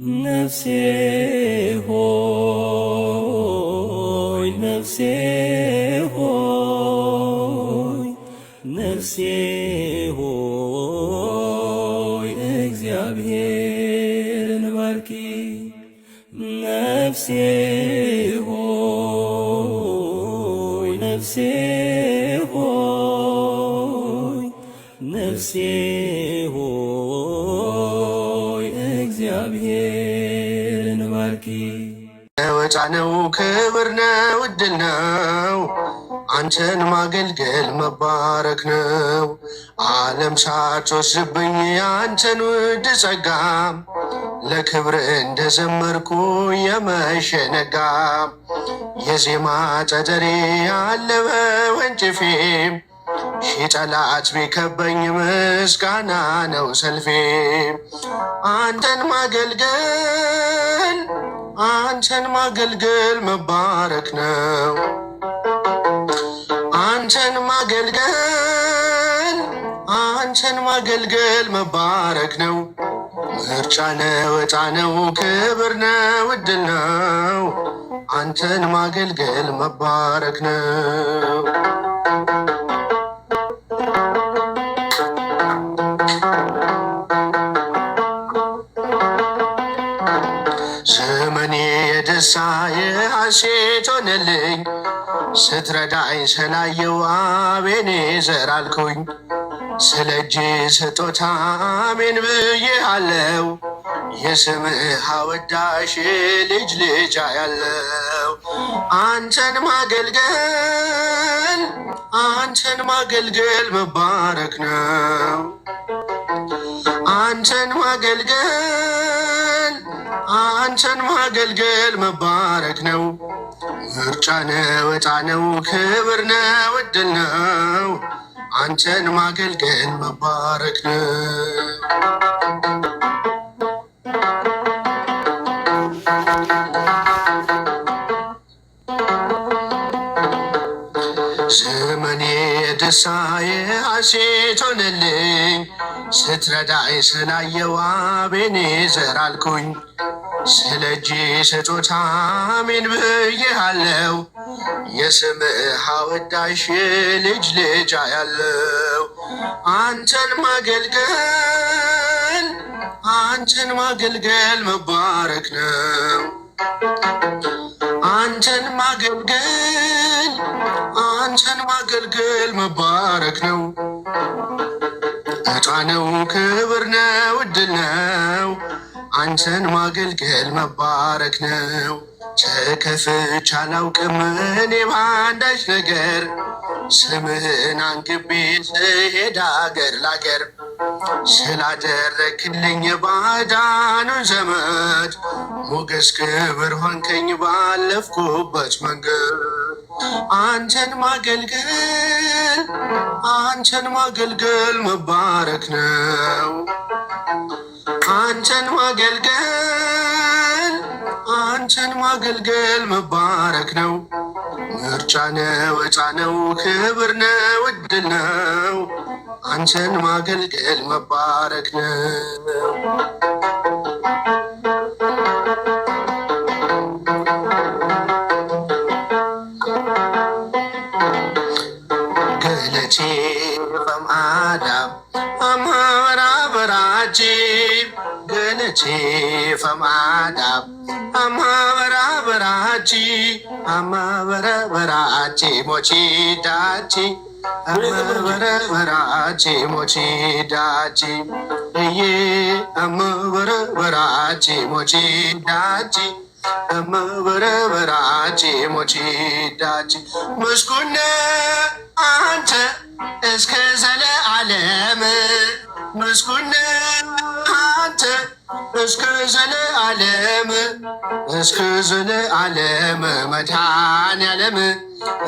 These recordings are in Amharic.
نفسي هوي نفسي هوي نفسي እግዚአብሔርን ባርኪ። ወጫ ክብር ነው እድል ነው አንተን ማገልገል መባረክ ነው። ዓለም ሳትወስድብኝ አንተን ውድ ጸጋ ለክብር እንደዘመርኩ የመሸነጋ የዜማ ጠጠሬ አለበ ወንጭፌም የጠላት ቢከበኝ ምስጋና ነው ሰልፌ። አንተን ማገልገል አንተን ማገልገል መባረክ ነው። አንተን ማገልገል አንተን ማገልገል መባረክ ነው። ምርጫ ነው፣ ዕጣ ነው፣ ክብር ነው፣ ዕድል ነው። አንተን ማገልገል መባረክ ነው። ንስሐዬ ሐሴት ሆነልኝ ስትረዳኝ ስላየው አቤኔዘር አልኩኝ ስለ እጅ ስጦታ አሜን አለው የስምህ አወዳሽ ልጅ ልጃ ያለው አንተን ማገልገል አንተን ማገልገል መባረክ ነው አንተን ማገልገል አንቺን ማገልገል መባረክ ነው፣ ምርጫ ነው፣ እጣ ነው፣ ክብር ነው፣ እድል ነው። አንተን ማገልገል መባረክ ነው። ዘመኔ ደስታዬ ሐሴት ሆነልኝ ስትረዳይ ስላየዋ ዘር አልኩኝ። ስለ እጅ ስጦታ አሜን ብዬሃለው። የስምህ አወዳሽ ልጅ ልጃ ያለው አንተን ማገልገል አንተን ማገልገል መባረክ ነው። አንተን ማገልገል አንተን ማገልገል መባረክ ነው። ዕጣ ነው፣ ክብር ነው፣ እድል ነው። አንተን ማገልገል መባረክ ነው። ተከፍቼ አላውቅም እኔ ባንዳች ነገር ስምህን አንግቤ ስሄድ አገር ላገር ስላደረክልኝ ባዳኑን ዘመድ ሞገስ ክብር ሆንከኝ ባለፍኩበት መንገድ አንተን ማገልገል አንተን ማገልገል መባረክ ነው። አንተን ማገልገል አንተን ማገልገል መባረክ ነው፣ ምርጫ ነው፣ ዕጫ ነው፣ ክብር ነው፣ እድል ነው። አንተን ማገልገል መባረክ ነው። ገለቴ በራችም ገነቼ ፈማዳ አማበራበራቺ አማበረበራቺ ሞቺዳቺ አማበረበራቺ ሞቺዳቺ እዬ አማበረበራቺ ሞቺዳቺ አማበረበራቺ ሞቺዳቺ ምስጉነ አንተ እስከ ዘለ ዓለም ምስጉን አንተ እስከ ዘለዓለም እስከ ዘለዓለም መድኃኔዓለም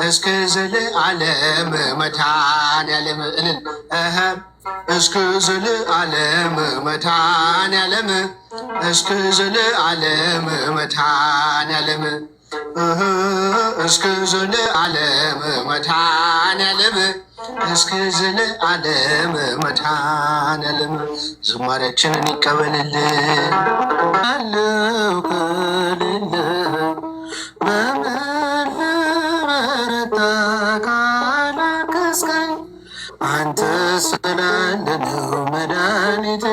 እስከ ዘለዓለም መድኃኔዓለም እልል እስከ ዘለዓለም መድኃኔዓለም እስከ ዘለዓለም መድኃኔዓለም እስከ ዘለዓለም መድኃኔዓለም እስክዝን ዘለዓለም መድኃኔ ዝማሪያችንን ዝማሬያችንን ይቀበልልን። አለው አንተ ስላለ ነው መድኃኒቴ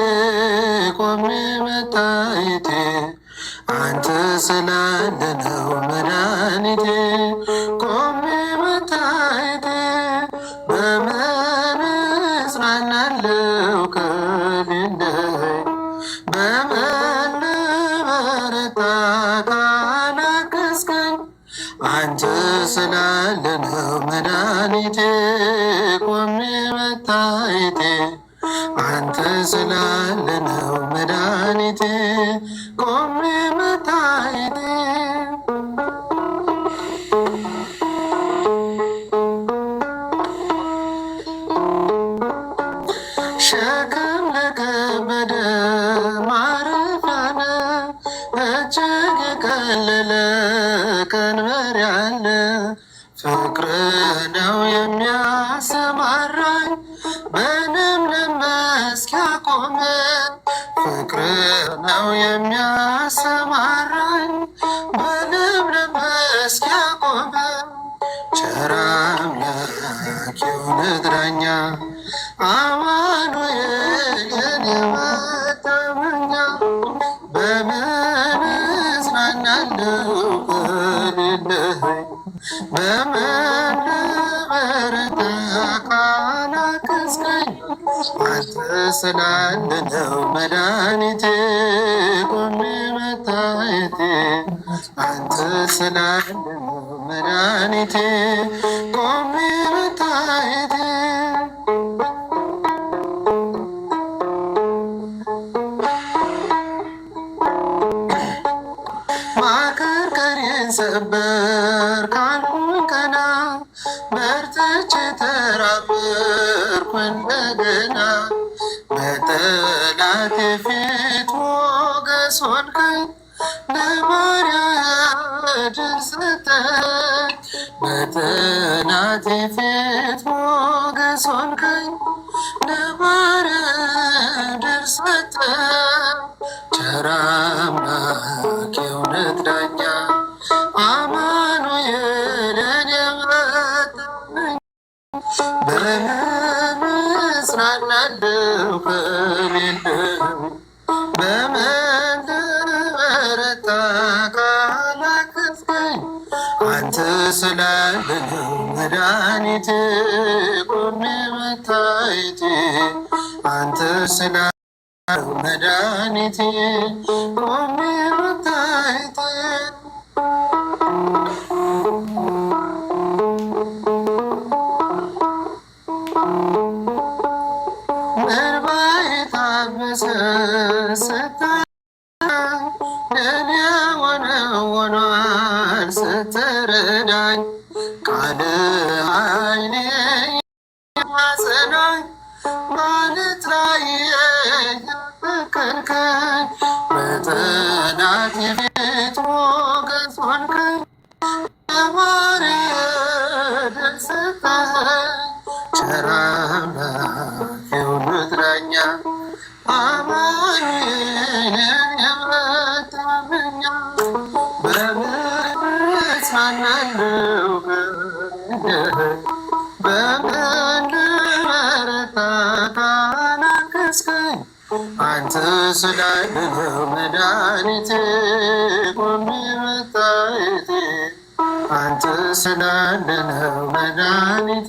አንተ ስላለ ነው መድኃኒቴ ፍቅር ነው የሚያሰማራኝ በለምለም መስክ ያቆመ ቸር አምላክ ይርዳኝ አማኑኤል የኔ መታመኛ በምን እጽናናለሁ በምን ተሰናደደው መድኃኒቴ ቆሜ መታየቴ አንተ ሰናደደው መድኃኒቴ እንደገና በጠላት ፊት ሞገስ ሆንከኝ ለማርያም ድንስተኝ በጠላት ፊት ሞገስ ሆንከኝ ለማርያም ድንስተኝ አግናለሁ ከሌለው በመንበረታ ካላከፍከኝ አንተ ስላለህ መድኃኒቴ ቆሜ መታየቴ አንተ ስላለህ መድኃኒቴ ቆሜ መታየቴ ተራማፊው ምድረኛ አማኑኤል የምረታምኛ በምድር ጸናለው በምድር መረታታ ናከስከኝ አንተ ስላለው መድኃኒቴ ቆሜ መታየቴ አንተ ስላለው መድኃኒቴ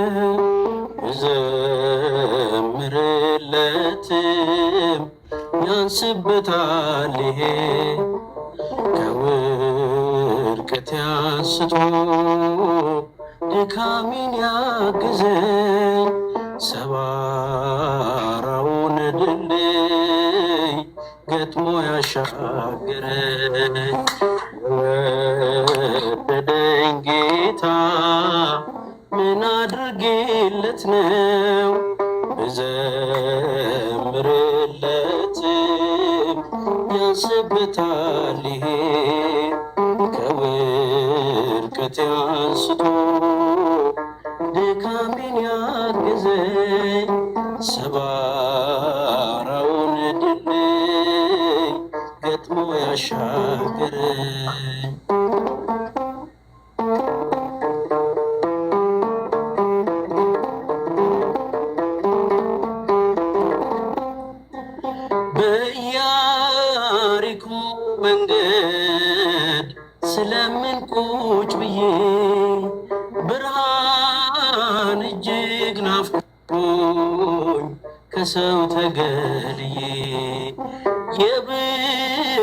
ብዘምርለትም ያንስበታል ይሄ ከውድቀት ያስቶ ድካሜን ያግዘኝ ሰባራውን ድልድይ ገጥሞ ያሻገረኝ እንዴት ነው ብዘምርለትም ያስብታል ይሄ ከውድቀት አንስቶ ድካሜን ያግዘኝ ሰባራውን ድልድይ ገጥሞ ያሻገረኝ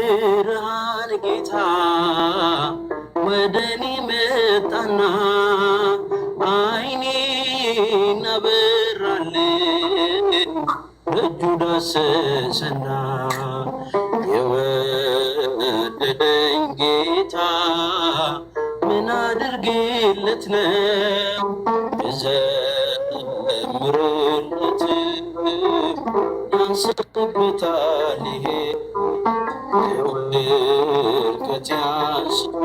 ብርሃን ጌታ ወደ እኔ መጣና አይኔ እናበራለን እጁ ዳሰሰና የወደደኝ ጌታ ምን አድርጌለት ነው እዘምርለት ያንስብታል ይሄ ምልከት ያስኖ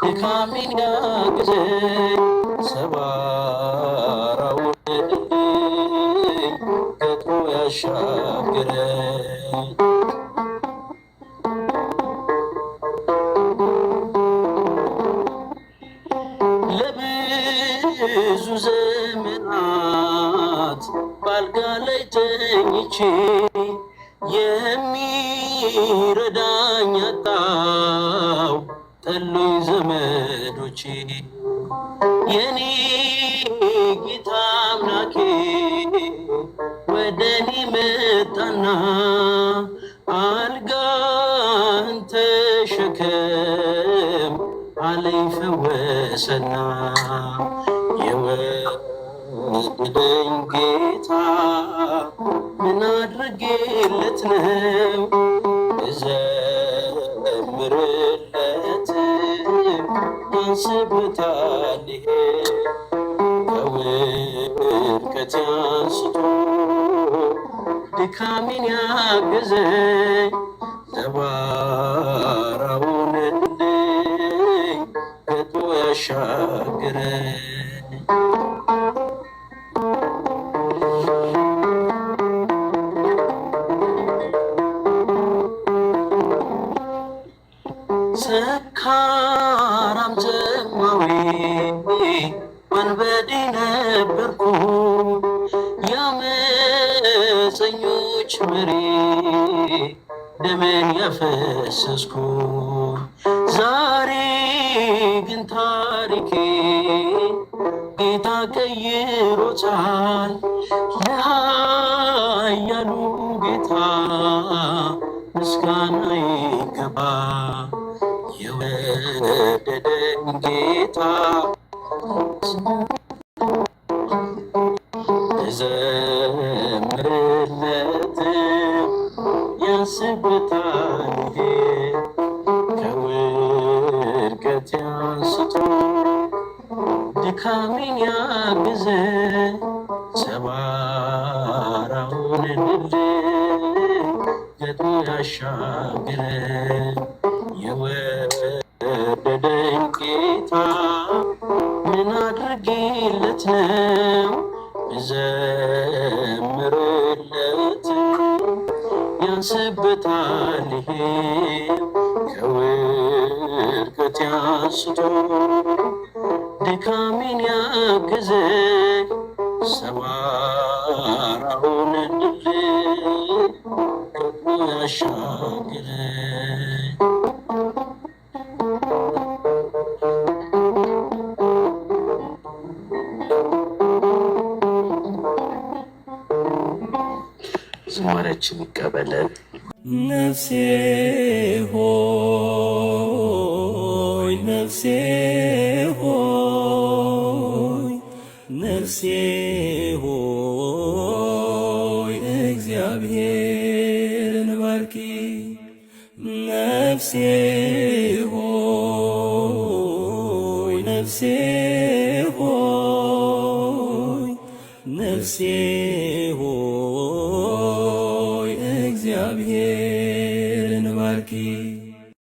ድካሜን ያግዘኝ ሰባራውን ገጥሞ ያሻግረኝ ለብዙ ዘመናት ባልጋ ላይ ተኝቼ የሚ የሚረዳኝ አጣው ጠሉኝ ዘመዶቼ የኔ ጌታ አምላኬ ወደ እኔ መጣና አልጋን ተሸከም አለኝ ፈወሰና የወደደኝ ጌታ ምን አድርጌለት ነው ቸርነት ይስብታል ከውድቀት አንስቶ ድካሜን ያግዘ ዘባራውን እንደ ቀይሮታል የኃያሉ ጌታ ምስጋና ይገባ የወደደን ጌታ ዘምርለት ያስብታል ድካሜን ያግዘ ሰባራውን ንድ ገጡ ያሻግረ የወደደኝ ጌታ ምን አድርጌለት ነው ብዘምርለት ያንስበታል ይሄ ከውድቀት ያስቶ ድካሜን ያግዘ ሰባራውን ድር ዝማሪያችን ይቀበለን። ነፍሴ ሆይ ነፍሴ ሆይ ነፍሴ ሆይ እግዚአብሔርን ባርኪ። ነፍሴ ሆይ ነፍሴ ሆይ ነፍሴ